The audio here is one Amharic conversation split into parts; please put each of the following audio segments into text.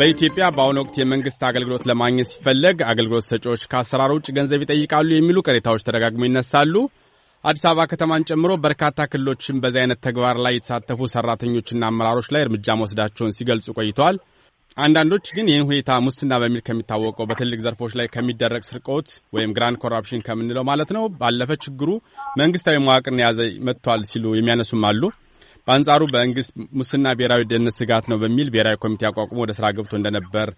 በኢትዮጵያ በአሁኑ ወቅት የመንግስት አገልግሎት ለማግኘት ሲፈለግ አገልግሎት ሰጪዎች ከአሰራር ውጭ ገንዘብ ይጠይቃሉ የሚሉ ቅሬታዎች ተደጋግመው ይነሳሉ። አዲስ አበባ ከተማን ጨምሮ በርካታ ክልሎችም በዚህ አይነት ተግባር ላይ የተሳተፉ ሰራተኞችና አመራሮች ላይ እርምጃ መውሰዳቸውን ሲገልጹ ቆይተዋል። አንዳንዶች ግን ይህን ሁኔታ ሙስና በሚል ከሚታወቀው በትልቅ ዘርፎች ላይ ከሚደረግ ስርቆት ወይም ግራንድ ኮራፕሽን ከምንለው ማለት ነው ባለፈ ችግሩ መንግስታዊ መዋቅርን የያዘ መጥቷል ሲሉ የሚያነሱም አሉ። በአንጻሩ በመንግስት ሙስና ብሔራዊ ደህንነት ስጋት ነው በሚል ብሔራዊ ኮሚቴ አቋቁሞ ወደ ስራ ገብቶ እንደነበር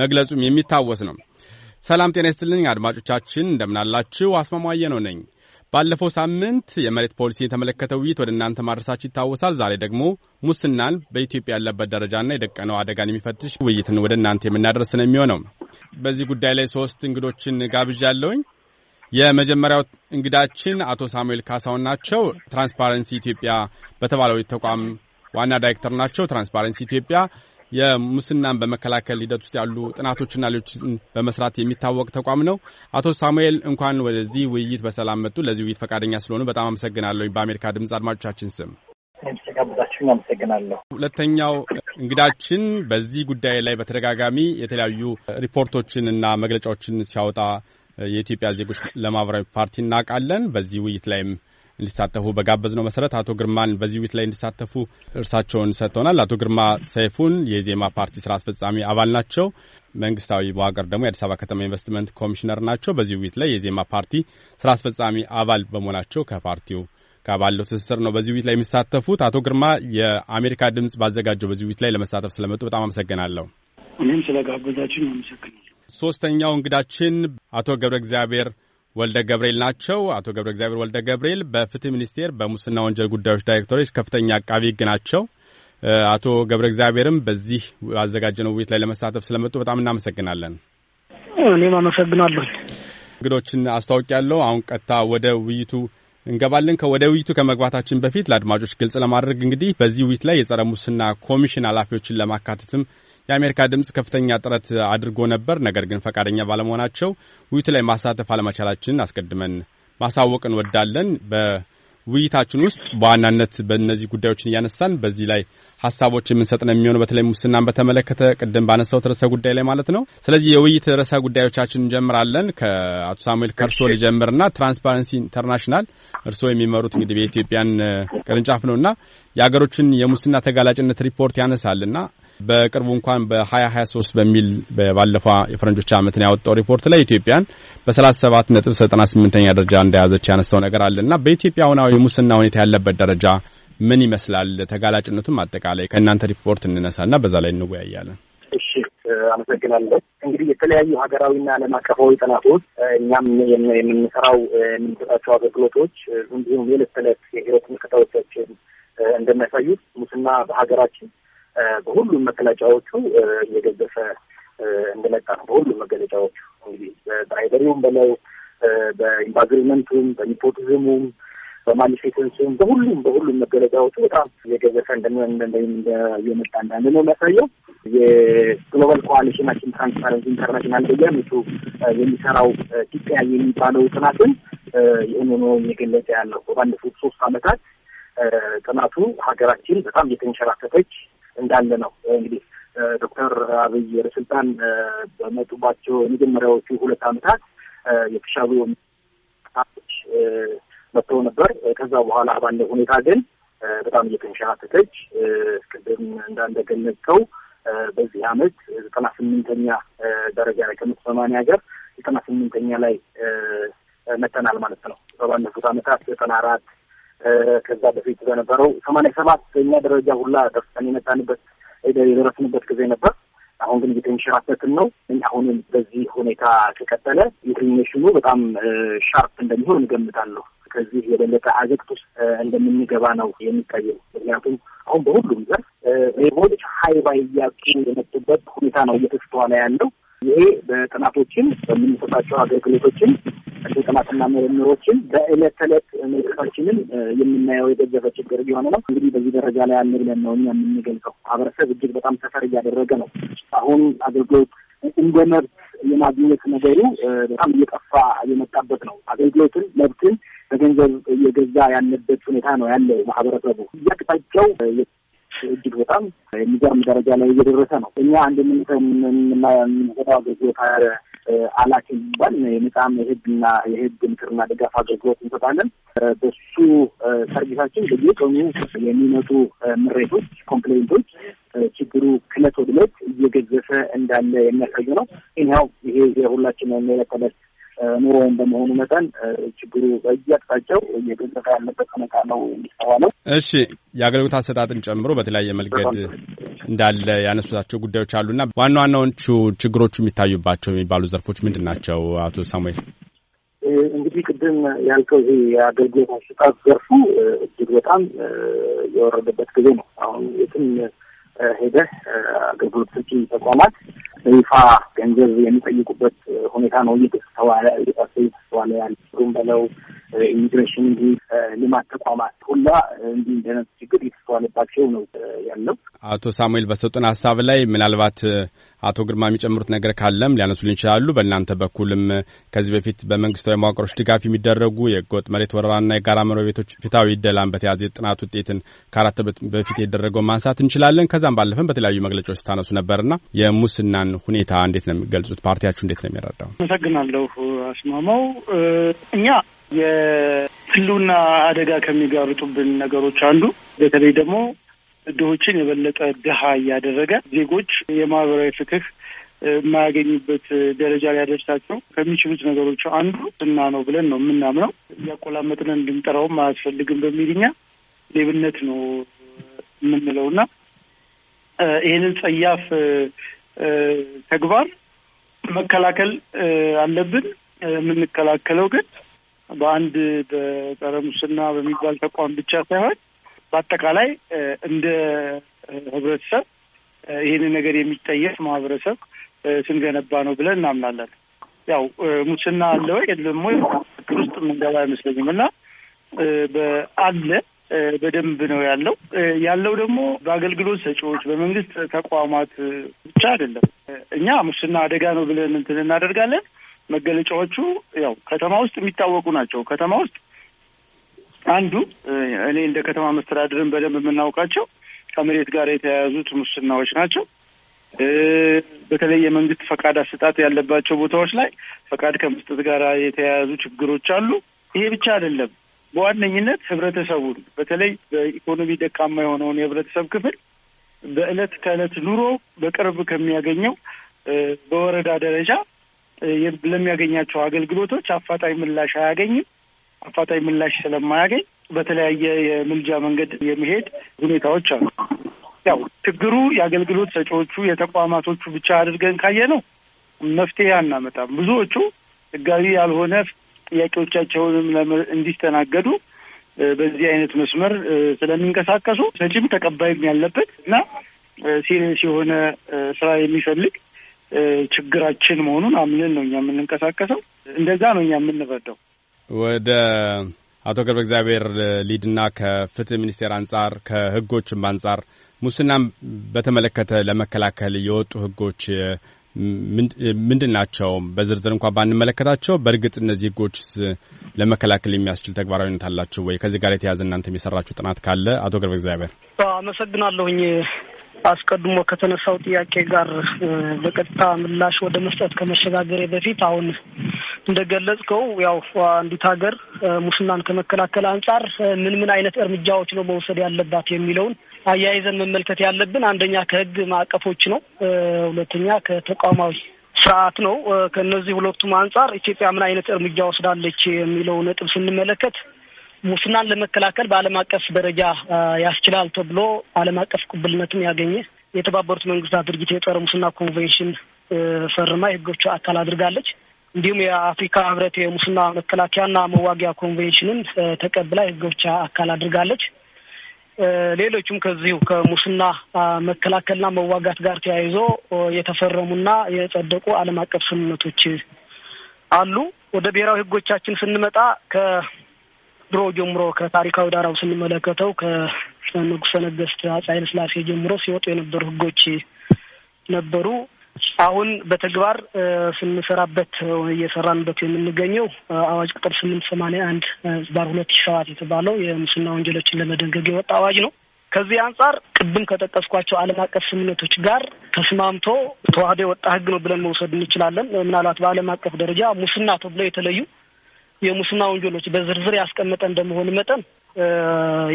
መግለጹም የሚታወስ ነው። ሰላም ጤና ይስጥልኝ አድማጮቻችን፣ እንደምናላችሁ አስማማየ ነው ነኝ። ባለፈው ሳምንት የመሬት ፖሊሲ የተመለከተ ውይይት ወደ እናንተ ማድረሳችን ይታወሳል። ዛሬ ደግሞ ሙስናን በኢትዮጵያ ያለበት ደረጃና የደቀነው አደጋን የሚፈትሽ ውይይትን ወደ እናንተ የምናደርስ ነው የሚሆነው። በዚህ ጉዳይ ላይ ሶስት እንግዶችን ጋብዣ ያለውኝ የመጀመሪያው እንግዳችን አቶ ሳሙኤል ካሳውን ናቸው። ትራንስፓረንሲ ኢትዮጵያ በተባለው ተቋም ዋና ዳይሬክተር ናቸው። ትራንስፓረንሲ ኢትዮጵያ የሙስናን በመከላከል ሂደት ውስጥ ያሉ ጥናቶችና ሌሎችን በመስራት የሚታወቅ ተቋም ነው። አቶ ሳሙኤል እንኳን ወደዚህ ውይይት በሰላም መጡ። ለዚህ ውይይት ፈቃደኛ ስለሆኑ በጣም አመሰግናለሁ። በአሜሪካ ድምፅ አድማጮቻችን ስም ጋብዛችሁን አመሰግናለሁ። ሁለተኛው እንግዳችን በዚህ ጉዳይ ላይ በተደጋጋሚ የተለያዩ ሪፖርቶችን እና መግለጫዎችን ሲያወጣ የኢትዮጵያ ዜጎች ለማህበራዊ ፓርቲ እናውቃለን። በዚህ ውይይት ላይም እንዲሳተፉ በጋበዝ ነው መሰረት አቶ ግርማን በዚህ ውይይት ላይ እንዲሳተፉ እርሳቸውን ሰጥተውናል። አቶ ግርማ ሰይፉን የዜማ ፓርቲ ስራ አስፈጻሚ አባል ናቸው። መንግስታዊ በሀገር ደግሞ የአዲስ አበባ ከተማ ኢንቨስትመንት ኮሚሽነር ናቸው። በዚህ ውይይት ላይ የዜማ ፓርቲ ስራ አስፈጻሚ አባል በመሆናቸው ከፓርቲው ጋር ባለው ትስስር ነው በዚህ ውይይት ላይ የሚሳተፉት። አቶ ግርማ የአሜሪካ ድምጽ ባዘጋጀው በዚህ ውይይት ላይ ለመሳተፍ ስለመጡ በጣም አመሰግናለሁ። እኔም ስለጋበዛችን አመሰግናለሁ። ሶስተኛው እንግዳችን አቶ ገብረ እግዚአብሔር ወልደ ገብርኤል ናቸው። አቶ ገብረ እግዚአብሔር ወልደ ገብርኤል በፍትህ ሚኒስቴር በሙስና ወንጀል ጉዳዮች ዳይሬክተሮች ከፍተኛ አቃቢ ህግ ናቸው። አቶ ገብረ እግዚአብሔርም በዚህ አዘጋጀነው ውይይት ላይ ለመሳተፍ ስለመጡ በጣም እናመሰግናለን። እኔም አመሰግናለሁ። እንግዶችን አስታወቂ ያለው አሁን ቀጥታ ወደ ውይይቱ እንገባለን። ከወደ ውይይቱ ከመግባታችን በፊት ለአድማጮች ግልጽ ለማድረግ እንግዲህ በዚህ ውይይት ላይ የጸረ ሙስና ኮሚሽን ኃላፊዎችን ለማካተትም የአሜሪካ ድምፅ ከፍተኛ ጥረት አድርጎ ነበር። ነገር ግን ፈቃደኛ ባለመሆናቸው ውይይቱ ላይ ማሳተፍ አለመቻላችንን አስቀድመን ማሳወቅ እንወዳለን። በውይይታችን ውስጥ በዋናነት በእነዚህ ጉዳዮችን እያነሳን በዚህ ላይ ሀሳቦች የምንሰጥ ነው የሚሆነው። በተለይ ሙስናን በተመለከተ ቅድም ባነሳሁት ርዕሰ ጉዳይ ላይ ማለት ነው። ስለዚህ የውይይት ርዕሰ ጉዳዮቻችን እንጀምራለን። ከአቶ ሳሙኤል ከእርሶ ልጀምርና ትራንስፓረንሲ ኢንተርናሽናል እርሶ የሚመሩት እንግዲህ የኢትዮጵያን ቅርንጫፍ ነውና የሀገሮችን የሙስና ተጋላጭነት ሪፖርት ያነሳልና በቅርቡ እንኳን በ2023 በሚል ባለፈው የፈረንጆች ዓመትን ያወጣው ሪፖርት ላይ ኢትዮጵያን በ37 ነጥብ 98ኛ ደረጃ እንደያዘች ያነሳው ነገር አለ እና በኢትዮጵያ አሁናዊ የሙስና ሁኔታ ያለበት ደረጃ ምን ይመስላል? ተጋላጭነቱም አጠቃላይ ከእናንተ ሪፖርት እንነሳ እና በዛ ላይ እንወያያለን። እሺ፣ አመሰግናለሁ። እንግዲህ የተለያዩ ሀገራዊና ዓለም አቀፋዊ ጥናቶች እኛም የምንሰራው የምንሰጣቸው አገልግሎቶች እንዲሁም የዕለት ተዕለት የህይወት ምልከታዎቻችን እንደሚያሳዩት ሙስና በሀገራችን በሁሉም መገለጫዎቹ እየገዘፈ እንደመጣ ነው። በሁሉም መገለጫዎቹ እንግዲህ በራይበሪውም በለው በኢንቫይሮንመንቱም፣ በኒፖቲዝሙም፣ በማኒፌተንሱም በሁሉም በሁሉም መገለጫዎቹ በጣም እየገዘፈ እየመጣ እንዳለ ነው የሚያሳየው። የግሎባል ኮዋሊሽን ትራንስፓረንሲ ኢንተርናሽናል በየዓመቱ የሚሰራው ኢትዮጵያ የሚባለው ጥናትን ይህን ሆኖ እየገለጸ ያለው ባለፉት ሶስት አመታት ጥናቱ ሀገራችን በጣም እየተንሸራተተች እንዳለ ነው እንግዲህ ዶክተር አብይ ወደ ስልጣን በመጡባቸው የመጀመሪያዎቹ ሁለት ዓመታት የተሻሉ ች መጥተው ነበር። ከዛ በኋላ ባለ ሁኔታ ግን በጣም እየተንሸራተተች ቅድም እንዳንደገለጽከው በዚህ ዓመት ዘጠና ስምንተኛ ደረጃ ላይ ከመቶ ሰማንያ ሀገር ዘጠና ስምንተኛ ላይ መተናል ማለት ነው። በባለፉት ዓመታት ዘጠና አራት ከዛ በፊት በነበረው ሰማንያ ሰባተኛ ደረጃ ሁላ ደርሰን የመጣንበት የደረስንበት ጊዜ ነበር። አሁን ግን እየተንሸራተትን ነው። አሁንም በዚህ ሁኔታ ከቀጠለ ኢንክሊኔሽኑ በጣም ሻርፕ እንደሚሆን እገምታለሁ። ከዚህ የበለጠ አዘቅት ውስጥ እንደምንገባ ነው የሚታየው። ምክንያቱም አሁን በሁሉም ዘርፍ ሌቦች ሀይ ባይ እያጡ የመጡበት ሁኔታ ነው እየተስተዋለ ያለው። ይሄ በጥናቶችን በምንሰጣቸው አገልግሎቶችን ጥናትና ምርምሮችን በእለት ተዕለት ምልክታችንን የምናየው የገዘፈ ችግር እየሆነ ነው። እንግዲህ በዚህ ደረጃ ላይ አለ ብለን ነው እኛ የምንገልጸው። ማህበረሰብ እጅግ በጣም ሰፈር እያደረገ ነው። አሁን አገልግሎት እንደ መብት የማግኘት ነገሩ በጣም እየጠፋ የመጣበት ነው። አገልግሎትን መብትን በገንዘብ እየገዛ ያለበት ሁኔታ ነው ያለው ማህበረሰቡ እያቅጣቸው ሰዎች እጅግ በጣም የሚገርም ደረጃ ላይ እየደረሰ ነው። እኛ አንድ የምንሰራው አገልግሎት አላኪ የሚባል የነጻም የህግና የህግ ምክርና ድጋፍ አገልግሎት እንሰጣለን። በሱ ሰርቪሳችን በየቀኑ የሚመጡ ምሬቶች፣ ኮምፕሌንቶች ችግሩ ክለት ወድለት ዕለት እየገዘፈ እንዳለ የሚያሳዩ ነው። ይህው ይሄ የሁላችን የሚለቀለት ኑሮውን በመሆኑ መጠን ችግሩ በየአቅጣጫው እየገዘፈ ያለበት ሁኔታ ነው የሚስተዋለው። እሺ፣ የአገልግሎት አሰጣጥን ጨምሮ በተለያየ መልገድ እንዳለ ያነሱታቸው ጉዳዮች አሉና ዋና ዋናዎቹ ችግሮቹ የሚታዩባቸው የሚባሉ ዘርፎች ምንድን ናቸው? አቶ ሳሙኤል እንግዲህ ቅድም ያልከው ይሄ የአገልግሎት አሰጣጥ ዘርፉ እጅግ በጣም የወረደበት ጊዜ ነው አሁን የትም ሄደህ አገልግሎት ሰጪ ተቋማት በይፋ ገንዘብ የሚጠይቁበት ሁኔታ ነው እየተስተዋለ እየተስተዋለ ያለ በለው ኢሚግሬሽን ልማት ተቋማት ሁላ እንዲህ እንደነት ችግር የተስተዋለባቸው ነው ያለው። አቶ ሳሙኤል በሰጡን ሀሳብ ላይ ምናልባት አቶ ግርማ የሚጨምሩት ነገር ካለም ሊያነሱልን ይችላሉ። በእናንተ በኩልም ከዚህ በፊት በመንግስታዊ መዋቅሮች ድጋፍ የሚደረጉ የህገወጥ መሬት ወረራና የጋራ መኖሪያ ቤቶች ፊታዊ ደላን በተያዘ የጥናት ውጤትን ከአራት በፊት የደረገው ማንሳት እንችላለን። ከዛም ባለፈን በተለያዩ መግለጫዎች ስታነሱ ነበርና የሙስናን ሁኔታ እንዴት ነው የሚገልጹት? ፓርቲያችሁ እንዴት ነው የሚረዳው? አመሰግናለሁ አስማማው። እኛ የህልውና አደጋ ከሚጋርጡብን ነገሮች አንዱ በተለይ ደግሞ ድሆችን የበለጠ ድሃ እያደረገ ዜጎች የማህበራዊ ፍትህ የማያገኙበት ደረጃ ሊያደርሳቸው ከሚችሉት ነገሮች አንዱ እና ነው ብለን ነው የምናምነው። እያቆላመጥን እንድንጠራውም አያስፈልግም በሚልኛ ሌብነት ነው የምንለው እና ይህንን ጸያፍ ተግባር መከላከል አለብን። የምንከላከለው ግን በአንድ በጸረ ሙስና በሚባል ተቋም ብቻ ሳይሆን በአጠቃላይ እንደ ህብረተሰብ ይህንን ነገር የሚጠየፍ ማህበረሰብ ስንገነባ ነው ብለን እናምናለን። ያው ሙስና አለ ወይ ደግሞ ውስጥ የምንገባ አይመስለኝም እና አለ በደንብ ነው ያለው። ያለው ደግሞ በአገልግሎት ሰጪዎች፣ በመንግስት ተቋማት ብቻ አይደለም። እኛ ሙስና አደጋ ነው ብለን እንትን እናደርጋለን። መገለጫዎቹ ያው ከተማ ውስጥ የሚታወቁ ናቸው። ከተማ ውስጥ አንዱ እኔ እንደ ከተማ መስተዳድርን በደንብ የምናውቃቸው ከመሬት ጋር የተያያዙት ሙስናዎች ናቸው። በተለይ የመንግስት ፈቃድ አሰጣጥ ያለባቸው ቦታዎች ላይ ፈቃድ ከመስጠት ጋር የተያያዙ ችግሮች አሉ። ይሄ ብቻ አይደለም። በዋነኝነት ህብረተሰቡን በተለይ በኢኮኖሚ ደካማ የሆነውን የህብረተሰብ ክፍል በእለት ከእለት ኑሮ በቅርብ ከሚያገኘው በወረዳ ደረጃ ለሚያገኛቸው አገልግሎቶች አፋጣኝ ምላሽ አያገኝም። አፋጣኝ ምላሽ ስለማያገኝ በተለያየ የምልጃ መንገድ የመሄድ ሁኔታዎች አሉ። ያው ችግሩ የአገልግሎት ሰጪዎቹ የተቋማቶቹ ብቻ አድርገን ካየ ነው መፍትሄ አናመጣም። ብዙዎቹ ህጋዊ ያልሆነ ጥያቄዎቻቸውንም እንዲስተናገዱ በዚህ አይነት መስመር ስለሚንቀሳቀሱ ሰጪም ተቀባይም ያለበት እና ሲሪየስ የሆነ ስራ የሚፈልግ ችግራችን መሆኑን አምንን ነው እኛ የምንንቀሳቀሰው። እንደዛ ነው እኛ የምንረዳው። ወደ አቶ ገብረ እግዚአብሔር ሊድና ከፍትህ ሚኒስቴር አንጻር ከህጎችም አንጻር ሙስናም በተመለከተ ለመከላከል የወጡ ህጎች ምንድን ናቸው? በዝርዝር እንኳን ባንመለከታቸው በእርግጥ እነዚህ ህጎችስ ለመከላከል የሚያስችል ተግባራዊነት አላቸው ወይ? ከዚህ ጋር የተያዘ እናንተ የሰራችሁ ጥናት ካለ አቶ ገብረ እግዚአብሔር። አመሰግናለሁኝ አስቀድሞ ከተነሳው ጥያቄ ጋር በቀጥታ ምላሽ ወደ መስጠት ከመሸጋገሬ በፊት አሁን እንደገለጽከው ያው አንዲት ሀገር ሙስናን ከመከላከል አንጻር ምን ምን አይነት እርምጃዎች ነው መውሰድ ያለባት የሚለውን አያይዘን መመልከት ያለብን አንደኛ ከህግ ማዕቀፎች ነው፣ ሁለተኛ ከተቋማዊ ስርዓት ነው። ከእነዚህ ሁለቱም አንጻር ኢትዮጵያ ምን አይነት እርምጃ ወስዳለች የሚለው ነጥብ ስንመለከት ሙስናን ለመከላከል በዓለም አቀፍ ደረጃ ያስችላል ተብሎ ዓለም አቀፍ ቅቡልነትም ያገኘ የተባበሩት መንግስታት ድርጅት የጸረ ሙስና ኮንቬንሽን ፈርማ የህጎቹ አካል አድርጋለች። እንዲሁም የአፍሪካ ህብረት የሙስና መከላከያና መዋጊያ ኮንቬንሽንን ተቀብላ የህጎቿ አካል አድርጋለች። ሌሎቹም ከዚሁ ከሙስና መከላከልና መዋጋት ጋር ተያይዞ የተፈረሙና የጸደቁ ዓለም አቀፍ ስምምነቶች አሉ። ወደ ብሔራዊ ህጎቻችን ስንመጣ ከ- ድሮ ጀምሮ ከታሪካዊ ዳራው ስንመለከተው ከንጉሰ ነገስት አፄ ኃይለ ሥላሴ ጀምሮ ሲወጡ የነበሩ ህጎች ነበሩ። አሁን በተግባር ስንሰራበት እየሰራንበት የምንገኘው አዋጅ ቁጥር ስምንት ሰማንያ አንድ ባር ሁለት ሺ ሰባት የተባለው የሙስና ወንጀሎችን ለመደንገግ የወጣ አዋጅ ነው። ከዚህ አንጻር ቅድም ከጠቀስኳቸው ዓለም አቀፍ ስምምነቶች ጋር ተስማምቶ ተዋህዶ የወጣ ህግ ነው ብለን መውሰድ እንችላለን። ምናልባት በዓለም አቀፍ ደረጃ ሙስና ተብሎ የተለዩ የሙስና ወንጀሎች በዝርዝር ያስቀመጠ እንደመሆኑ መጠን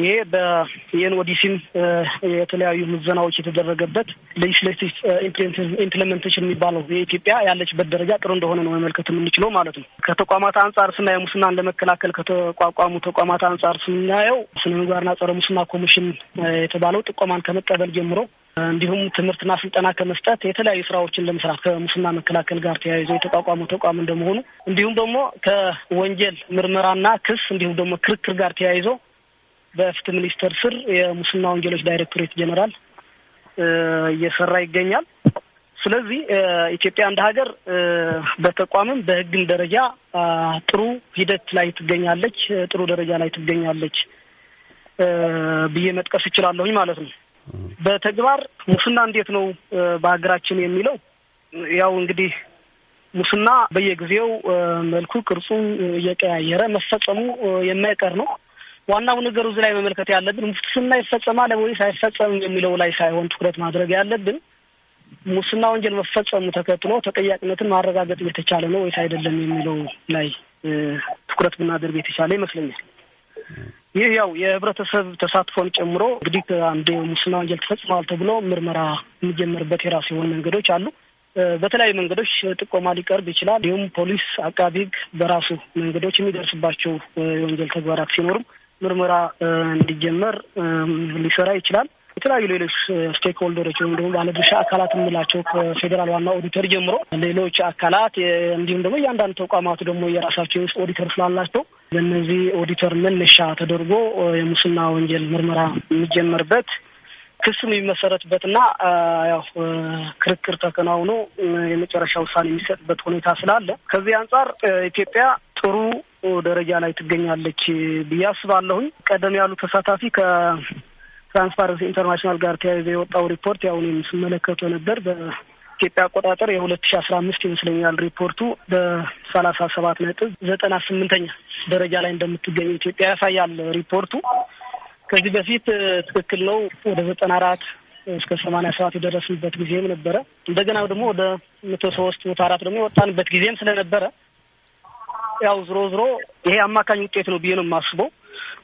ይሄ በዩኤን የተለያዩ ምዘናዎች የተደረገበት ሌጅስሌቲቭ ኢምፕሊመንቴሽን የሚባለው የኢትዮጵያ ያለችበት ደረጃ ጥሩ እንደሆነ ነው መመልከት የምንችለው ማለት ነው። ከተቋማት አንጻር ስናየው ሙስናን ለመከላከል ከተቋቋሙ ተቋማት አንጻር ስናየው ስነ ምግባርና ጸረ ሙስና ኮሚሽን የተባለው ጥቆማን ከመቀበል ጀምሮ እንዲሁም ትምህርትና ስልጠና ከመስጠት የተለያዩ ስራዎችን ለመስራት ከሙስና መከላከል ጋር ተያይዞ የተቋቋሙ ተቋም እንደመሆኑ እንዲሁም ደግሞ ከወንጀል ምርመራና ክስ እንዲሁም ደግሞ ክርክር ጋር ተያይዞ በፍትህ ሚኒስቴር ስር የሙስና ወንጀሎች ዳይሬክቶሬት ጀነራል እየሰራ ይገኛል። ስለዚህ ኢትዮጵያ እንደ ሀገር በተቋምም በህግም ደረጃ ጥሩ ሂደት ላይ ትገኛለች፣ ጥሩ ደረጃ ላይ ትገኛለች ብዬ መጥቀስ እችላለሁኝ ማለት ነው። በተግባር ሙስና እንዴት ነው በሀገራችን የሚለው ያው እንግዲህ ሙስና በየጊዜው መልኩ ቅርጹ እየቀያየረ መፈጸሙ የማይቀር ነው። ዋናው ነገር እዚህ ላይ መመልከት ያለብን ሙስና ይፈጸማል ወይስ አይፈጸምም የሚለው ላይ ሳይሆን ትኩረት ማድረግ ያለብን ሙስና ወንጀል መፈጸሙ ተከትሎ ተጠያቂነትን ማረጋገጥ የተቻለ ነው ወይስ አይደለም የሚለው ላይ ትኩረት ብናደርግ የተቻለ ይመስለኛል። ይህ ያው የህብረተሰብ ተሳትፎን ጨምሮ እንግዲህ አንድ ሙስና ወንጀል ተፈጽሟል ተብሎ ምርመራ የሚጀመርበት የራሱ የሆኑ መንገዶች አሉ። በተለያዩ መንገዶች ጥቆማ ሊቀርብ ይችላል። እንዲሁም ፖሊስ፣ አቃቢ ህግ በራሱ መንገዶች የሚደርስባቸው የወንጀል ተግባራት ሲኖሩም ምርመራ እንዲጀመር ሊሰራ ይችላል። የተለያዩ ሌሎች ስቴክ ሆልደሮች ወይም ደግሞ ባለድርሻ አካላት የምንላቸው ከፌዴራል ዋና ኦዲተር ጀምሮ ሌሎች አካላት እንዲሁም ደግሞ እያንዳንድ ተቋማቱ ደግሞ የራሳቸው የውስጥ ኦዲተር ስላላቸው በእነዚህ ኦዲተር መነሻ ተደርጎ የሙስና ወንጀል ምርመራ የሚጀመርበት ክስ የሚመሰረትበትና ያው ክርክር ተከናውኖ የመጨረሻ ውሳኔ የሚሰጥበት ሁኔታ ስላለ ከዚህ አንጻር ኢትዮጵያ ጥሩ ደረጃ ላይ ትገኛለች ብዬ አስባለሁኝ። ቀደም ያሉ ተሳታፊ ከትራንስፓረንሲ ኢንተርናሽናል ጋር ተያይዘ የወጣው ሪፖርት ያው እኔም ስመለከተው ነበር በኢትዮጵያ አቆጣጠር የሁለት ሺ አስራ አምስት ይመስለኛል ሪፖርቱ በሰላሳ ሰባት ነጥብ ዘጠና ስምንተኛ ደረጃ ላይ እንደምትገኝ ኢትዮጵያ ያሳያል ሪፖርቱ። ከዚህ በፊት ትክክል ነው ወደ ዘጠና አራት እስከ ሰማንያ ሰባት የደረስንበት ጊዜም ነበረ። እንደገና ደግሞ ወደ መቶ ሶስት መቶ አራት ደግሞ የወጣንበት ጊዜም ስለነበረ ያው ዝሮ ዝሮ ይሄ አማካኝ ውጤት ነው ብዬ ነው የማስበው።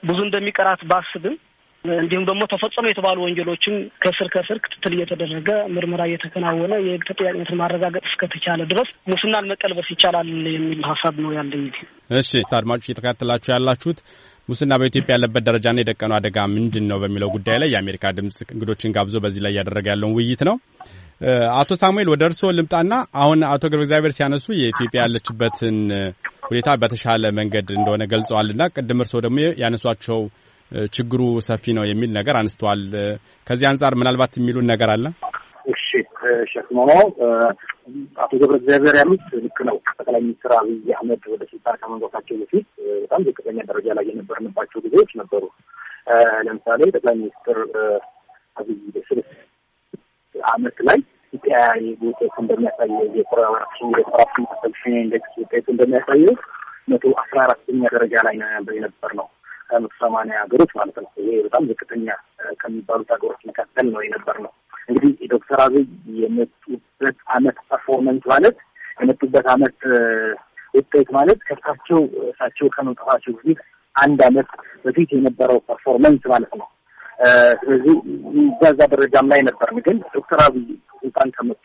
ብዙ እንደሚቀራት ባስብም እንዲሁም ደግሞ ተፈጸሙ የተባሉ ወንጀሎችም ከስር ከስር ክትትል እየተደረገ ምርመራ እየተከናወነ የህግ ተጠያቂነትን ማረጋገጥ እስከተቻለ ድረስ ሙስናን መቀልበስ ይቻላል የሚል ሀሳብ ነው ያለኝ። እሺ አድማጮች እየተከታተላችሁ ያላችሁት ሙስና በኢትዮጵያ ያለበት ደረጃና የደቀነው አደጋ ምንድን ነው በሚለው ጉዳይ ላይ የአሜሪካ ድምጽ እንግዶችን ጋብዞ በዚህ ላይ እያደረገ ያለውን ውይይት ነው። አቶ ሳሙኤል ወደ እርስዎ ልምጣና አሁን አቶ ገብረ እግዚአብሔር ሲያነሱ የኢትዮጵያ ያለችበትን ሁኔታ በተሻለ መንገድ እንደሆነ ገልጸዋልና ቅድም እርስዎ ደግሞ ያነሷቸው ችግሩ ሰፊ ነው የሚል ነገር አንስተዋል። ከዚህ አንጻር ምናልባት የሚሉን ነገር አለ? እሺ ሸክሞ ነው አቶ ገብረ እግዚአብሔር ያሉት ልክ ነው። ጠቅላይ ሚኒስትር አብይ አህመድ ወደ ስልጣን ከመንጎታቸው በፊት በጣም ዝቅተኛ ደረጃ ላይ የነበርንባቸው ጊዜዎች ነበሩ። ለምሳሌ ጠቅላይ ሚኒስትር አብይ በስልስ አመት ላይ ኢትዮጵያ ውጤቱ እንደሚያሳየው የኮራፕሽን የኮራፕሽን ፐርሰፕሽን ኢንዴክስ ውጤቱ እንደሚያሳየው መቶ አስራ አራተኛ ደረጃ ላይ ነው የነበር ነው ከመቶ ሰማንያ ሀገሮች ማለት ነው። ይሄ በጣም ዝቅተኛ ከሚባሉት ሀገሮች መካከል ነው የነበር ነው። እንግዲህ ዶክተር አብይ የመጡበት አመት ፐርፎርመንስ ማለት የመጡበት አመት ውጤት ማለት ከእሳቸው እሳቸው ከመምጣታቸው ጊዜ አንድ አመት በፊት የነበረው ፐርፎርመንስ ማለት ነው። ስለዚህ በዛ ደረጃም ላይ ነበር። ግን ዶክተር አብይ ስልጣን ከመጡ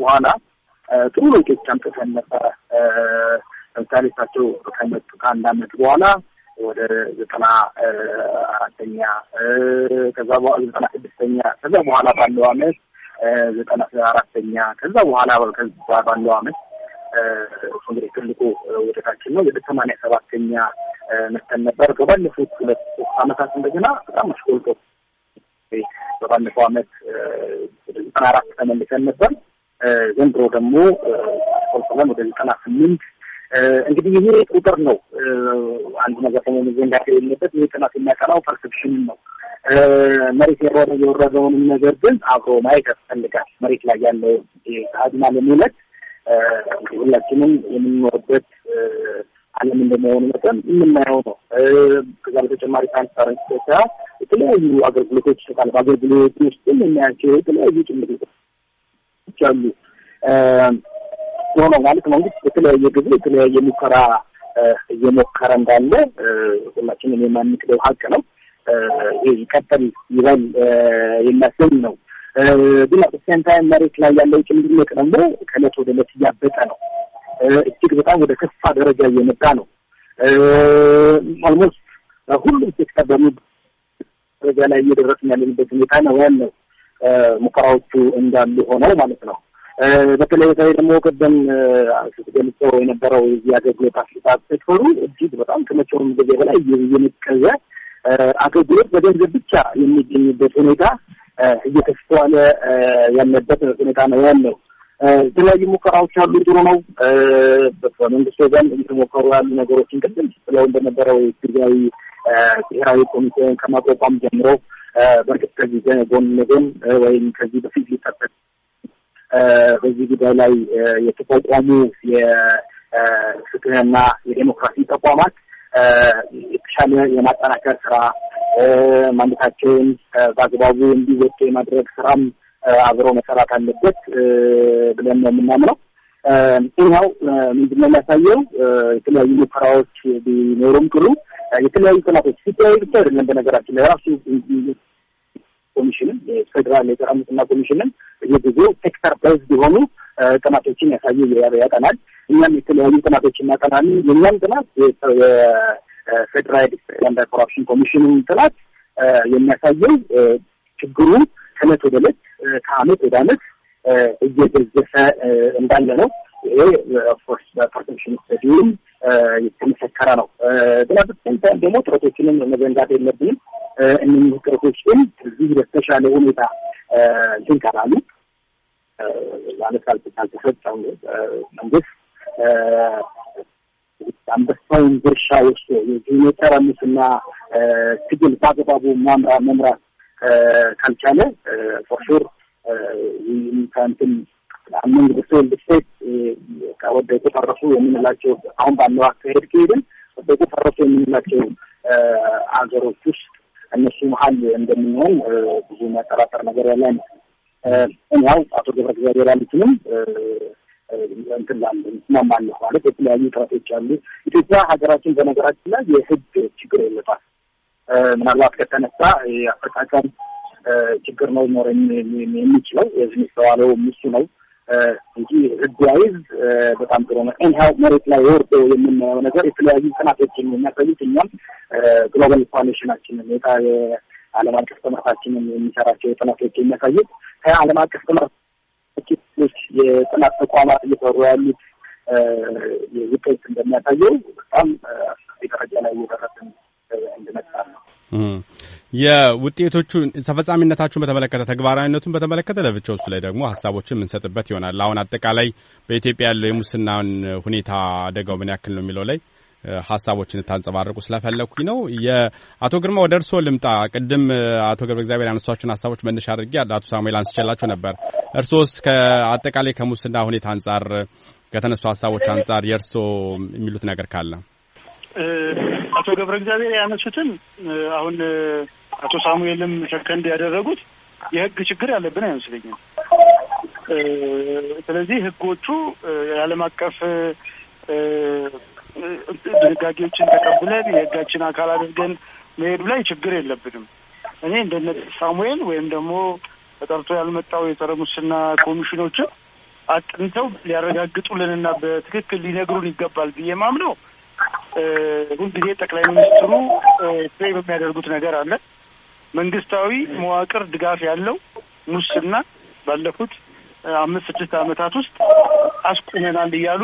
በኋላ ጥሩ ለውጦች አምጥተን ነበረ። ለምሳሌ እሳቸው ከመጡ ከአንድ አመት በኋላ ወደ ዘጠና አራተኛ ከዛ በኋላ ዘጠና ስድስተኛ ከዛ በኋላ ባለው አመት ዘጠና አራተኛ ከዛ በኋላ ከዛ ባለው አመት እንግዲህ ትልቁ ውደታችን ነው። ወደ ሰማንያ ሰባተኛ መተን ነበር። በባለፉት ሁለት ሶስት አመታት እንደገና በጣም አሽቆልጦ በባለፈው አመት ወደ ዘጠና አራት ተመልሰን ነበር። ዘንድሮ ደግሞ ቆልቆለን ወደ ዘጠና ስምንት እንግዲህ ይሄ ቁጥር ነው። አንድ ነገር ደግሞ መዘንጋት የሌለበት ይሄ ጥናት የሚያቀናው ፐርሰፕሽንን ነው። መሬት የወረደ የወረደውንም ነገር ግን አብሮ ማየት ያስፈልጋል። መሬት ላይ ያለው ሀዲና ለመውለት ሁላችንም የምንኖርበት ዓለም እንደመሆኑ መጠን የምናየው ነው። ከዛ በተጨማሪ ትራንስፓረንስ ኢትዮጵያ የተለያዩ አገልግሎቶች ይሰጣል። በአገልግሎት ውስጥም የሚያቸው የተለያዩ ጭምርቶች አሉ። ሆኖ ማለት መንግስት በተለያየ ጊዜ የተለያየ ሙከራ እየሞከረ እንዳለ ሁላችንም የማንክደው ሀቅ ነው። ይቀጥል ይበል የሚያሰኝ ነው። ግን አት ሴም ታይም መሬት ላይ ያለው ጭምድምቅ ደግሞ ከእለት ወደ ዕለት እያበጠ ነው። እጅግ በጣም ወደ ከፋ ደረጃ እየመጣ ነው። ኦልሞስት ሁሉም ሴክተር በሚባል ደረጃ ላይ እየደረስን ያለንበት ሁኔታ ነው ያለው። ሙከራዎቹ እንዳሉ ሆነው ማለት ነው። በተለይ በተለይ ደግሞ ቅድም ስትገልጸው የነበረው የዚህ አገልግሎት አሰጣጥ ሴክተሩ እጅግ በጣም ከመቼውም ጊዜ በላይ እየነቀዘ አገልግሎት በገንዘብ ብቻ የሚገኝበት ሁኔታ እየተስተዋለ ያለበት ሁኔታ ነው ያለው። የተለያዩ ሙከራዎች አሉ። ጥሩ ነው። በመንግስት ወገን እየተሞከሩ ያሉ ነገሮችን ቅድም ስለው እንደነበረው ጊዜያዊ ብሔራዊ ኮሚቴውን ከማቋቋም ጀምሮ በእርግጥ ከዚህ ጎን ለጎን ወይም ከዚህ በፊት ሊጠበቅ በዚህ ጉዳይ ላይ የተቋቋሙ የፍትህና የዴሞክራሲ ተቋማት የተሻለ የማጠናከር ስራ ማንነታቸውን በአግባቡ እንዲወጡ የማድረግ ስራም አብሮ መሰራት አለበት ብለን ነው የምናምነው። ይህኛው ምንድን ነው የሚያሳየው የተለያዩ ሙከራዎች ቢኖሩም ጥሩ የተለያዩ ጥናቶች ሲተያዩ ብቻ አይደለም። በነገራችን ላይ ራሱ ኮሚሽንም የፌዴራል የጸረ ሙስና ኮሚሽንም በየጊዜው ሴክተር በዝ የሆኑ ጥናቶችን ያሳየ ያጠናል። እኛም የተለያዩ ጥናቶችን እናጠናል። የእኛም ጥናት የፌዴራል አንዳር ኮራፕሽን ኮሚሽንም ጥናት የሚያሳየው ችግሩ ከእለት ወደ ዕለት ከአመት ወደ አመት እየገዘፈ እንዳለ ነው። ይሄ ኦፍኮርስ በፐርሰፕሽን ስተዲውም የተመሰከረ ነው። ግን አብስተን ደግሞ ጥረቶችንም መዘንጋት የለብንም። እነዚህ ጥረቶች ግን እዚህ በተሻለ ሁኔታ እንትን ካላሉ ማለት ካልተሰጠው መንግስት አንበሳውን ድርሻ ውስጥ የዚህ ጸረ ሙስና ትግል በአግባቡ መምራት ካልቻለ ፎርሹር ከንትን አምንግ ስቴል ስቴት ወደቁ ፈረሱ የምንላቸው አሁን ባለው አካሄድ ከሄድን ወደቁ ፈረሱ የምንላቸው አገሮች ውስጥ እነሱ መሀል እንደምንሆን ብዙ የሚያጠራጠር ነገር ያለ አይመስልም። ያው አቶ ገብረ እግዚአብሔር ያሉትንም እንትን ላለ እንስማማለሁ ማለት የተለያዩ ጥረቶች አሉ። ኢትዮጵያ ሀገራችን በነገራችን ላይ የህግ ችግር የለባት ምናልባት ከተነሳ የአፈጻጸም ችግር ነው ኖር የሚችለው የዚህ የሚስተዋለው ምሱ ነው እንጂ ህግ ያይዝ በጣም ጥሩ ነው። ኢንሃው መሬት ላይ ወርዶ የምናየው ነገር የተለያዩ ጥናቶችን የሚያሳዩት እኛም ግሎባል ኮአሊሽናችንን የጣ የዓለም አቀፍ ጥምረታችንን የሚሰራቸው ጥናቶች የሚያሳዩት ከዓለም አቀፍ ጥምረቶች የጥናት ተቋማት እየሰሩ ያሉት ውጤት እንደሚያሳየው በጣም ደረጃ ላይ እየደረስን እንድመጣ ነው። የውጤቶቹን ተፈጻሚነታችሁን በተመለከተ ተግባራዊነቱን በተመለከተ ለብቻው እሱ ላይ ደግሞ ሀሳቦችን የምንሰጥበት ይሆናል። አሁን አጠቃላይ በኢትዮጵያ ያለው የሙስናን ሁኔታ አደጋው ምን ያክል ነው የሚለው ላይ ሀሳቦችን ታንጸባርቁ ስለፈለግኩኝ ነው። የአቶ ግርማ ወደ እርስዎ ልምጣ። ቅድም አቶ ገብረ እግዚአብሔር ያነሷቸውን ሀሳቦች መነሻ አድርጌ አቶ ሳሙኤል አንስቼላቸው ነበር። እርስዎስ ከአጠቃላይ ከሙስና ሁኔታ አንጻር ከተነሱ ሀሳቦች አንጻር የእርስዎ የሚሉት ነገር ካለ አቶ ገብረ እግዚአብሔር ያነሱትን አሁን አቶ ሳሙኤልም ሸከንድ ያደረጉት የህግ ችግር ያለብን አይመስለኝም። ስለዚህ ህጎቹ የዓለም አቀፍ ድንጋጌዎችን ተቀብለን የህጋችን አካል አድርገን መሄዱ ላይ ችግር የለብንም። እኔ እንደነ ሳሙኤል ወይም ደግሞ ተጠርቶ ያልመጣው የጸረ ሙስና ኮሚሽኖችን አጥንተው ሊያረጋግጡልንና በትክክል ሊነግሩን ይገባል ብዬ ማምነው ሁልጊዜ ጠቅላይ ሚኒስትሩ ፕሬ በሚያደርጉት ነገር አለ። መንግስታዊ መዋቅር ድጋፍ ያለው ሙስና ባለፉት አምስት ስድስት ዓመታት ውስጥ አስቁመናል እያሉ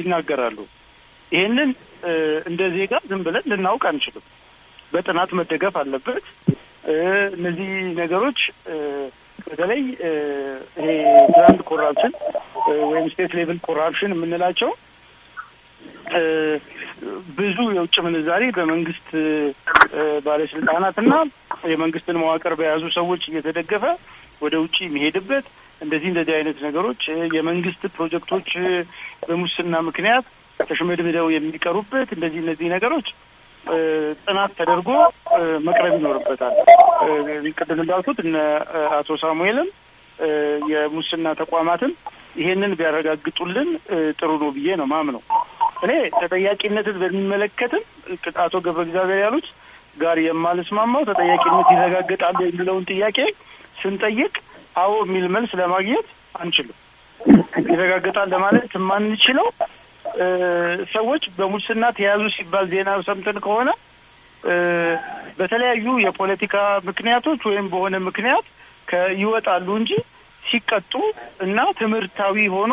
ይናገራሉ። ይህንን እንደ ዜጋ ዝም ብለን ልናውቅ አንችልም። በጥናት መደገፍ አለበት። እነዚህ ነገሮች በተለይ ይሄ ግራንድ ኮራፕሽን ወይም ስቴት ሌቭል ኮራፕሽን የምንላቸው ብዙ የውጭ ምንዛሬ በመንግስት ባለስልጣናትና የመንግስትን መዋቅር በያዙ ሰዎች እየተደገፈ ወደ ውጭ የሚሄድበት እንደዚህ እንደዚህ አይነት ነገሮች የመንግስት ፕሮጀክቶች በሙስና ምክንያት ተሽመድምደው የሚቀሩበት እንደዚህ እነዚህ ነገሮች ጥናት ተደርጎ መቅረብ ይኖርበታል። ቅድም እንዳልኩት እነ አቶ ሳሙኤልም የሙስና ተቋማትም ይሄንን ቢያረጋግጡልን ጥሩ ነው ብዬ ነው ማምነው። እኔ ተጠያቂነትን በሚመለከትም አቶ ገብረ እግዚአብሔር ያሉት ጋር የማልስማማው ተጠያቂነት ይረጋገጣሉ የሚለውን ጥያቄ ስንጠይቅ አዎ የሚል መልስ ለማግኘት አንችልም። ይረጋገጣል ለማለት የማንችለው ሰዎች በሙስና ተያዙ ሲባል ዜና ሰምተን ከሆነ በተለያዩ የፖለቲካ ምክንያቶች ወይም በሆነ ምክንያት ይወጣሉ እንጂ ሲቀጡ እና ትምህርታዊ ሆኖ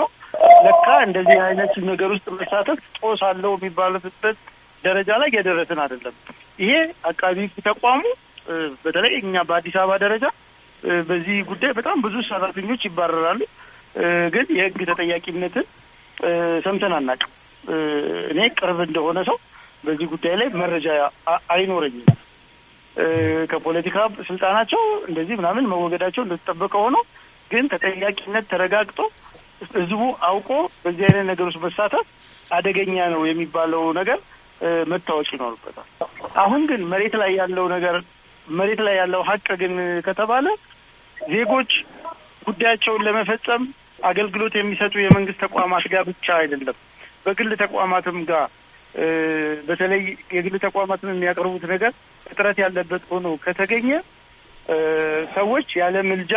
ለካ እንደዚህ አይነት ነገር ውስጥ መሳተፍ ጦስ አለው የሚባልበት ደረጃ ላይ የደረስን አይደለም። ይሄ አቃቢ ተቋሙ በተለይ እኛ በአዲስ አበባ ደረጃ በዚህ ጉዳይ በጣም ብዙ ሰራተኞች ይባረራሉ። ግን የህግ ተጠያቂነትን ሰምተን አናውቅም። እኔ ቅርብ እንደሆነ ሰው በዚህ ጉዳይ ላይ መረጃ አይኖረኝም። ከፖለቲካ ስልጣናቸው እንደዚህ ምናምን መወገዳቸው እንደተጠበቀ ሆኖ ግን ተጠያቂነት ተረጋግጦ ህዝቡ አውቆ በዚህ አይነት ውስጥ መሳተፍ አደገኛ ነው የሚባለው ነገር መታወቅ ይኖርበታል። አሁን ግን መሬት ላይ ያለው ነገር መሬት ላይ ያለው ሀቅ ግን ከተባለ ዜጎች ጉዳያቸውን ለመፈጸም አገልግሎት የሚሰጡ የመንግስት ተቋማት ጋር ብቻ አይደለም፣ በግል ተቋማትም ጋር በተለይ የግል ተቋማትን የሚያቀርቡት ነገር እጥረት ያለበት ሆኖ ከተገኘ ሰዎች ያለ ምልጃ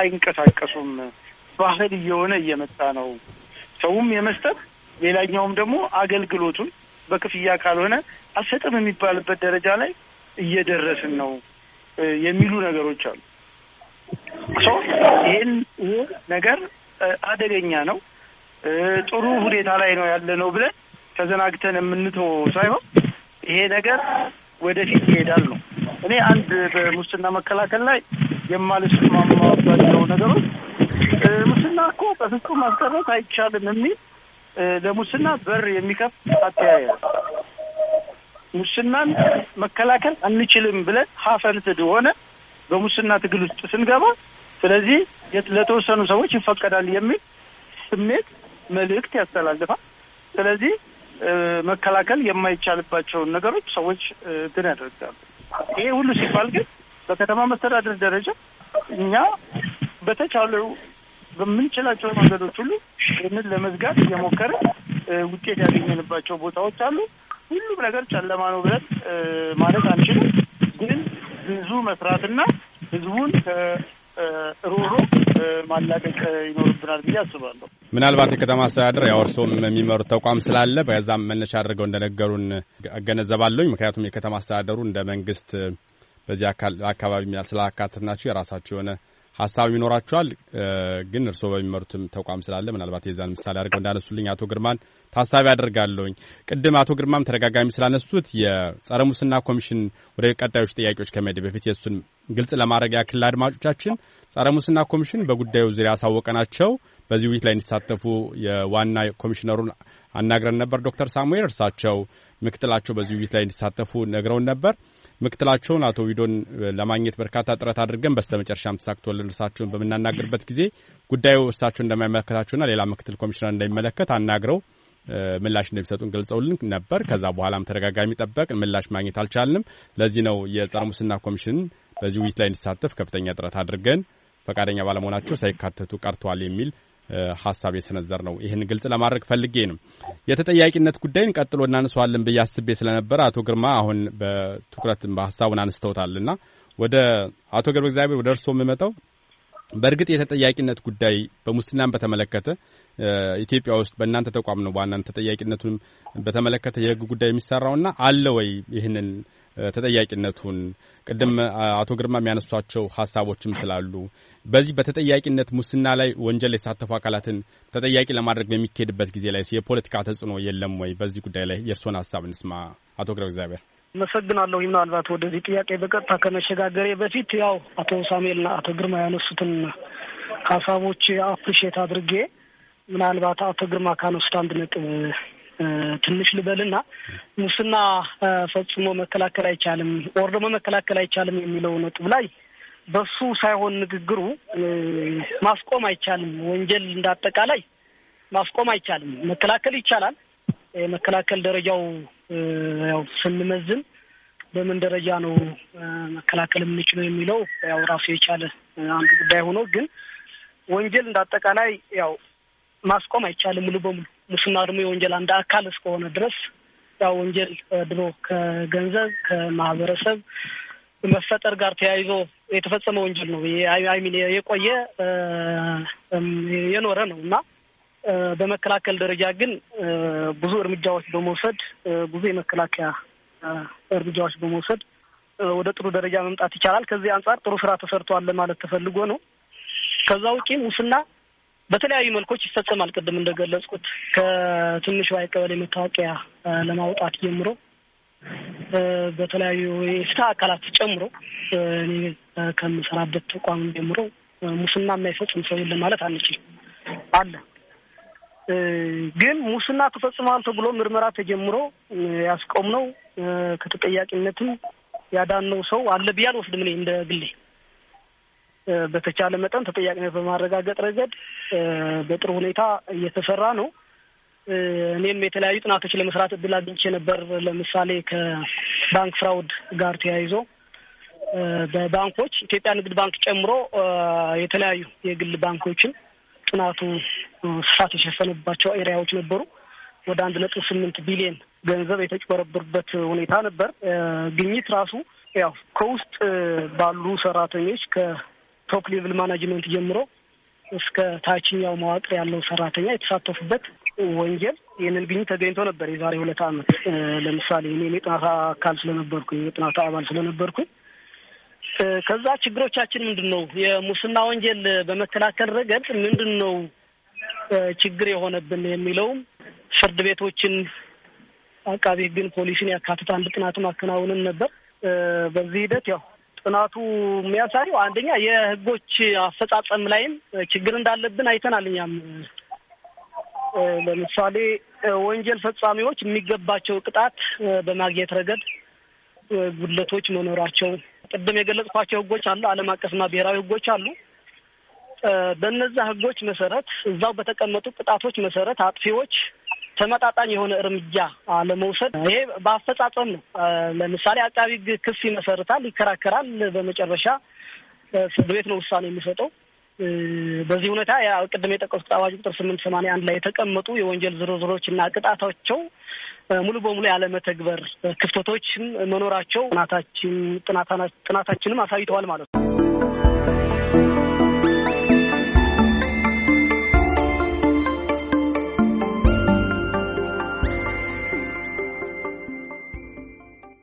አይንቀሳቀሱም። ባህል እየሆነ እየመጣ ነው። ሰውም የመስጠት ሌላኛውም ደግሞ አገልግሎቱን በክፍያ ካልሆነ አሰጥም የሚባልበት ደረጃ ላይ እየደረስን ነው የሚሉ ነገሮች አሉ። ይህን ነገር አደገኛ ነው። ጥሩ ሁኔታ ላይ ነው ያለ ነው ብለን ተዘናግተን የምንተወው ሳይሆን ይሄ ነገር ወደፊት ይሄዳል ነው እኔ አንድ በሙስና መከላከል ላይ የማልስማማባቸው ነገሮች ሙስና እኮ በፍጹም ማስቀረት አይቻልም የሚል ለሙስና በር የሚከፍት አተያየ ሙስናን መከላከል አንችልም ብለን ሀፈንትድ ሆነ በሙስና ትግል ውስጥ ስንገባ፣ ስለዚህ ለተወሰኑ ሰዎች ይፈቀዳል የሚል ስሜት መልእክት ያስተላልፋል። ስለዚህ መከላከል የማይቻልባቸውን ነገሮች ሰዎች እንትን ያደርጋሉ። ይሄ ሁሉ ሲባል ግን በከተማ መስተዳደር ደረጃ እኛ በተቻለው በምንችላቸው መንገዶች ሁሉ ይህንን ለመዝጋት እየሞከረ ውጤት ያገኘንባቸው ቦታዎች አሉ። ሁሉም ነገር ጨለማ ነው ብለን ማለት አንችልም። ግን ብዙ መስራትና ህዝቡን ከሮሮ ማላቀቅ ይኖርብናል ብዬ አስባለሁ። ምናልባት የከተማ አስተዳደር ያው እርስዎም የሚመሩት ተቋም ስላለ በዛም መነሻ አድርገው እንደነገሩን እገነዘባለሁኝ። ምክንያቱም የከተማ አስተዳደሩ እንደ መንግስት በዚህ አካባቢ ስላካተትናቸው የራሳቸው የሆነ ሀሳብ ይኖራቸዋል። ግን እርስዎ በሚመሩትም ተቋም ስላለ ምናልባት የዛን ምሳሌ አድርገው እንዳነሱልኝ አቶ ግርማን ታሳቢ አደርጋለሁኝ። ቅድም አቶ ግርማም ተደጋጋሚ ስላነሱት የጸረ ሙስና ኮሚሽን ወደ ቀጣዮች ጥያቄዎች ከመሄድ በፊት የእሱን ግልጽ ለማድረግ ያክል አድማጮቻችን ጸረ ሙስና ኮሚሽን በጉዳዩ ዙሪያ ያሳወቀ ናቸው። በዚህ ውይይት ላይ እንዲሳተፉ የዋና ኮሚሽነሩን አናግረን ነበር። ዶክተር ሳሙኤል እርሳቸው ምክትላቸው በዚህ ውይይት ላይ እንዲሳተፉ ነግረውን ነበር። ምክትላቸውን አቶ ዊዶን ለማግኘት በርካታ ጥረት አድርገን መጨረሻም ተሳክቶልን እርሳቸውን በምናናግርበት ጊዜ ጉዳዩ እርሳቸው እንደማይመለከታቸውና ሌላ ምክትል ኮሚሽነር እንደሚመለከት አናግረው ምላሽ እንደሚሰጡን ገልጸውልን ነበር። ከዛ በኋላም ተደጋጋሚ ጠበቅ ምላሽ ማግኘት አልቻልንም። ለዚህ ነው የጸረ ሙስና ኮሚሽን በዚህ ውይይት ላይ እንዲሳተፍ ከፍተኛ ጥረት አድርገን ፈቃደኛ ባለመሆናቸው ሳይካተቱ ቀርተዋል የሚል ሀሳብ የሰነዘር ነው። ይህን ግልጽ ለማድረግ ፈልጌ ነው። የተጠያቂነት ጉዳይን ቀጥሎ እናንሰዋለን ብዬ አስቤ ስለነበረ አቶ ግርማ አሁን በትኩረት በሀሳቡን አንስተውታል እና ወደ አቶ ገብረ እግዚአብሔር ወደ እርስዎ የምመጣው በእርግጥ የተጠያቂነት ጉዳይ በሙስናን በተመለከተ ኢትዮጵያ ውስጥ በእናንተ ተቋም ነው በዋናነት ተጠያቂነቱን በተመለከተ የህግ ጉዳይ የሚሰራውና አለ ወይ ይህንን ተጠያቂነቱን ቅድም አቶ ግርማ የሚያነሷቸው ሀሳቦችም ስላሉ በዚህ በተጠያቂነት ሙስና ላይ ወንጀል የተሳተፉ አካላትን ተጠያቂ ለማድረግ በሚካሄድበት ጊዜ ላይ የፖለቲካ ተጽዕኖ የለም ወይ? በዚህ ጉዳይ ላይ የእርስዎን ሀሳብ እንስማ። አቶ ግረብ እግዚአብሔር አመሰግናለሁ። ምናልባት ወደዚህ ጥያቄ በቀጥታ ከመሸጋገሬ በፊት ያው አቶ ሳሙኤልና አቶ ግርማ ያነሱትን ሀሳቦች አፕሪሼት አድርጌ ምናልባት አቶ ግርማ ካነሱት አንድ ነጥብ ትንሽ ልበልና ሙስና ፈጽሞ መከላከል አይቻልም ኦር ደግሞ መከላከል አይቻልም የሚለው ነጥብ ላይ በሱ ሳይሆን ንግግሩ ማስቆም አይቻልም። ወንጀል እንዳጠቃላይ ማስቆም አይቻልም። መከላከል ይቻላል። የመከላከል ደረጃው ያው ስንመዝን በምን ደረጃ ነው መከላከል የምንችለው የሚለው ያው ራሱ የቻለ አንዱ ጉዳይ ሆኖ ግን ወንጀል እንዳጠቃላይ ያው ማስቆም አይቻልም ሙሉ በሙሉ ሙስና ደግሞ የወንጀል አንድ አካል እስከሆነ ድረስ ያው ወንጀል ድሮ ከገንዘብ ከማህበረሰብ መፈጠር ጋር ተያይዞ የተፈጸመ ወንጀል ነው። አይሚን የቆየ የኖረ ነው እና በመከላከል ደረጃ ግን ብዙ እርምጃዎች በመውሰድ ብዙ የመከላከያ እርምጃዎች በመውሰድ ወደ ጥሩ ደረጃ መምጣት ይቻላል። ከዚህ አንጻር ጥሩ ስራ ተሰርቷል ለማለት ተፈልጎ ነው። ከዛ ውጪ ሙስና በተለያዩ መልኮች ይፈጸማል። ቅድም እንደገለጽኩት ዋይ ቀበሌ መታወቂያ ለማውጣት ጀምሮ በተለያዩ የፍትህ አካላት ጨምሮ እኔ ከምሰራበት ተቋም ጀምሮ ሙስና የማይፈጽም ሰው የለም ማለት አንችልም። አለ ግን ሙስና ተፈጽመዋል ተብሎ ምርመራ ተጀምሮ ያስቆምነው ከተጠያቂነትም ያዳነው ሰው አለ ብዬ አልወስድም እኔ እንደ ግሌ በተቻለ መጠን ተጠያቂነት በማረጋገጥ ረገድ በጥሩ ሁኔታ እየተሰራ ነው። እኔም የተለያዩ ጥናቶች ለመስራት እድል አግኝቼ ነበር። ለምሳሌ ከባንክ ፍራውድ ጋር ተያይዞ በባንኮች ኢትዮጵያ ንግድ ባንክ ጨምሮ የተለያዩ የግል ባንኮችን ጥናቱ ስፋት የሸፈነባቸው ኤሪያዎች ነበሩ። ወደ አንድ ነጥብ ስምንት ቢሊየን ገንዘብ የተጭበረበሩበት ሁኔታ ነበር። ግኝት ራሱ ያው ከውስጥ ባሉ ሰራተኞች ቶፕ ሌቭል ማናጅመንት ጀምሮ እስከ ታችኛው መዋቅር ያለው ሰራተኛ የተሳተፉበት ወንጀል ይህንን ግኝ ተገኝቶ ነበር። የዛሬ ሁለት ዓመት ለምሳሌ እኔ የጥናት አካል ስለነበርኩኝ የጥናት አባል ስለነበርኩኝ ከዛ ችግሮቻችን ምንድን ነው? የሙስና ወንጀል በመከላከል ረገድ ምንድን ነው ችግር የሆነብን የሚለውም ፍርድ ቤቶችን፣ አቃቤ ሕግን፣ ፖሊስን ያካትት አንድ ጥናት ማከናወንን ነበር። በዚህ ሂደት ያው ጥናቱ የሚያሳየው አንደኛ የህጎች አፈጻጸም ላይም ችግር እንዳለብን አይተናል። እኛም ለምሳሌ ወንጀል ፈጻሚዎች የሚገባቸው ቅጣት በማግኘት ረገድ ጉድለቶች መኖራቸው፣ ቅድም የገለጽኳቸው ህጎች አሉ፣ ዓለም አቀፍና ብሔራዊ ህጎች አሉ። በእነዛ ህጎች መሰረት እዛው በተቀመጡ ቅጣቶች መሰረት አጥፊዎች ተመጣጣኝ የሆነ እርምጃ አለመውሰድ ይሄ በአፈጻጸም ነው። ለምሳሌ አቃቢ ሕግ ክስ ይመሰርታል፣ ይከራከራል። በመጨረሻ ፍርድ ቤት ነው ውሳኔ የሚሰጠው። በዚህ ሁኔታ ቅድም የጠቀሱት አዋጅ ቁጥር ስምንት ሰማንያ አንድ ላይ የተቀመጡ የወንጀል ዝርዝሮች እና ቅጣታቸው ሙሉ በሙሉ ያለመተግበር ክፍተቶችም መኖራቸው ጥናታችንም አሳይተዋል ማለት ነው።